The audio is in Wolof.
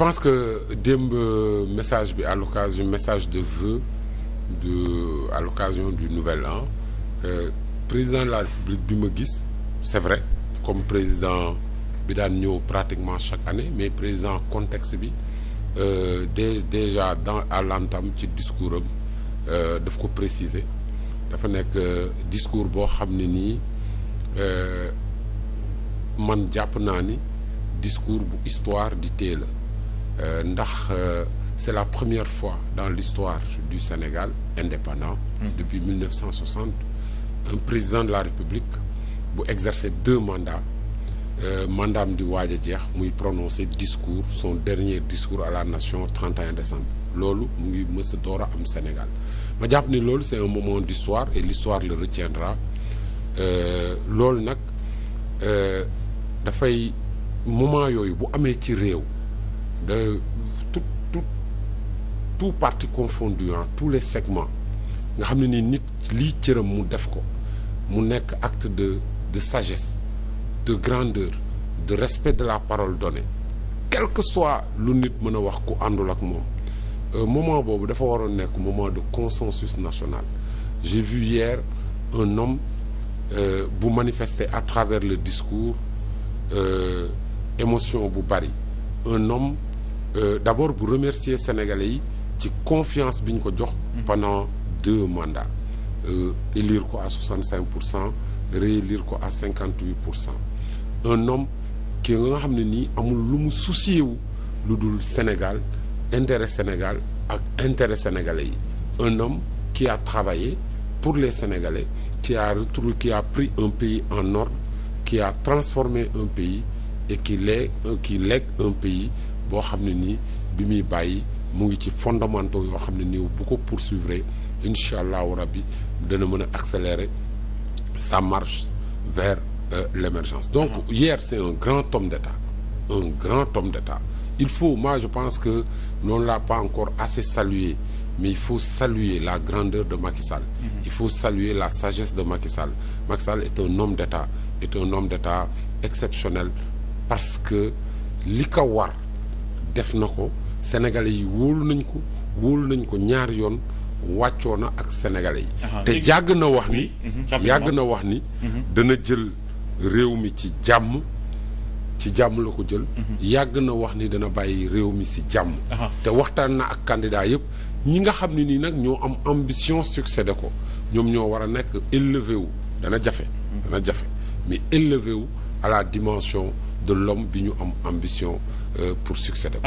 pense que démb euh, message bi à l'occasion message de vœux de à l'occasion du nouvelle an euh, président de la République bi ma gis c'est vrai comme président bi daan ñëw pratiquement chaque année mais président contexte bi euh, dès déjà dans à l'entame ci discours am euh, def ko préciser dafa nekk euh, discours boo xam ne nii man jàpp naa ni discours bu histoire di téye la Euh, ndax euh, c'est la première fois dans l'histoire du Sénégal indépendant mm. depuis 1960 un président de la République bu exercer deux mandats euh, mandaam di waaj a jeex muy prononcer discours son dernier discours à la nation 31 décembre loolu mu ngi mës a door a am Sénégal ma jàpp ni loolu c'est un moment d'histoire et l'histoire le retiendra loolu nag dafay moment yooyu bu amee ci réew de tout tout tout parti confondu en tous les segments nga xam ne ni nit lii cëram mu def ko mu nekk acte de de sagesse de grandeur de respect de la parole donnée quel que soit lu nit mën a wax ku àndul ak moom euh, moment boobu dafa waroon nekk moment de consensus national j'ai vu hier un nom euh, bu manifester à travers le discours euh, émotion bu bari un homme Euh, d'abord bu remercier sénégalais yi ci confiance bi ñu ko jox. Mhm. pendant deux mandats. Euh, élire ko à 65 pour cent réélire ko à 58 pour cent un nom ki nga xam ne nii amul lu mu soucié lu dul Sénégal intérêt Sénégal ak intérêt sénégalais yi un homme qui a travaillé pour les Sénégalais qui a retrouvé qui a pris un pays en ordre qui a transformé un pays et ki lègue euh, qui lègue un pays boo xam ne nii bi muy bàyyi mu ngi ci fondamentaux yoo xam ne nii bu ko poursuivre incha allahu rabbi dana mën a accélérer sa marche vers euh, l'émergence donc hier c'est un grand homme d'État un grand homme d'État il faut moi je pense que noonu l'a pas encore assez salué mais il faut saluer la grandeur de Macky Sall. Mhm. il faut saluer la sagesse de Macky Sall. Sall est un homme d'État est un homme d'État exceptionnel parce que li ko war def na ko sénégalais yi wóolu nañ ko wóolu nañ ko ñaari yoon wàccoo na ak sénégalais yi te yàgg na wax ni mhm, yàgg na wax ni mhm. dana jël réew mi ci jàmm ci jàmm la ko jël mhm. yàgg na wax ni dana bàyyi réew mi si jàmm te waxtaan na ak candidat yëpp ñi nga xam ne nii nag ñoo am ambition succédé ko ñoom ñoo war a nekk élevé wu dana jafe dana jafe mais élevé wu à la dimension de l'homme bi ñu am ambition euh, pour succéder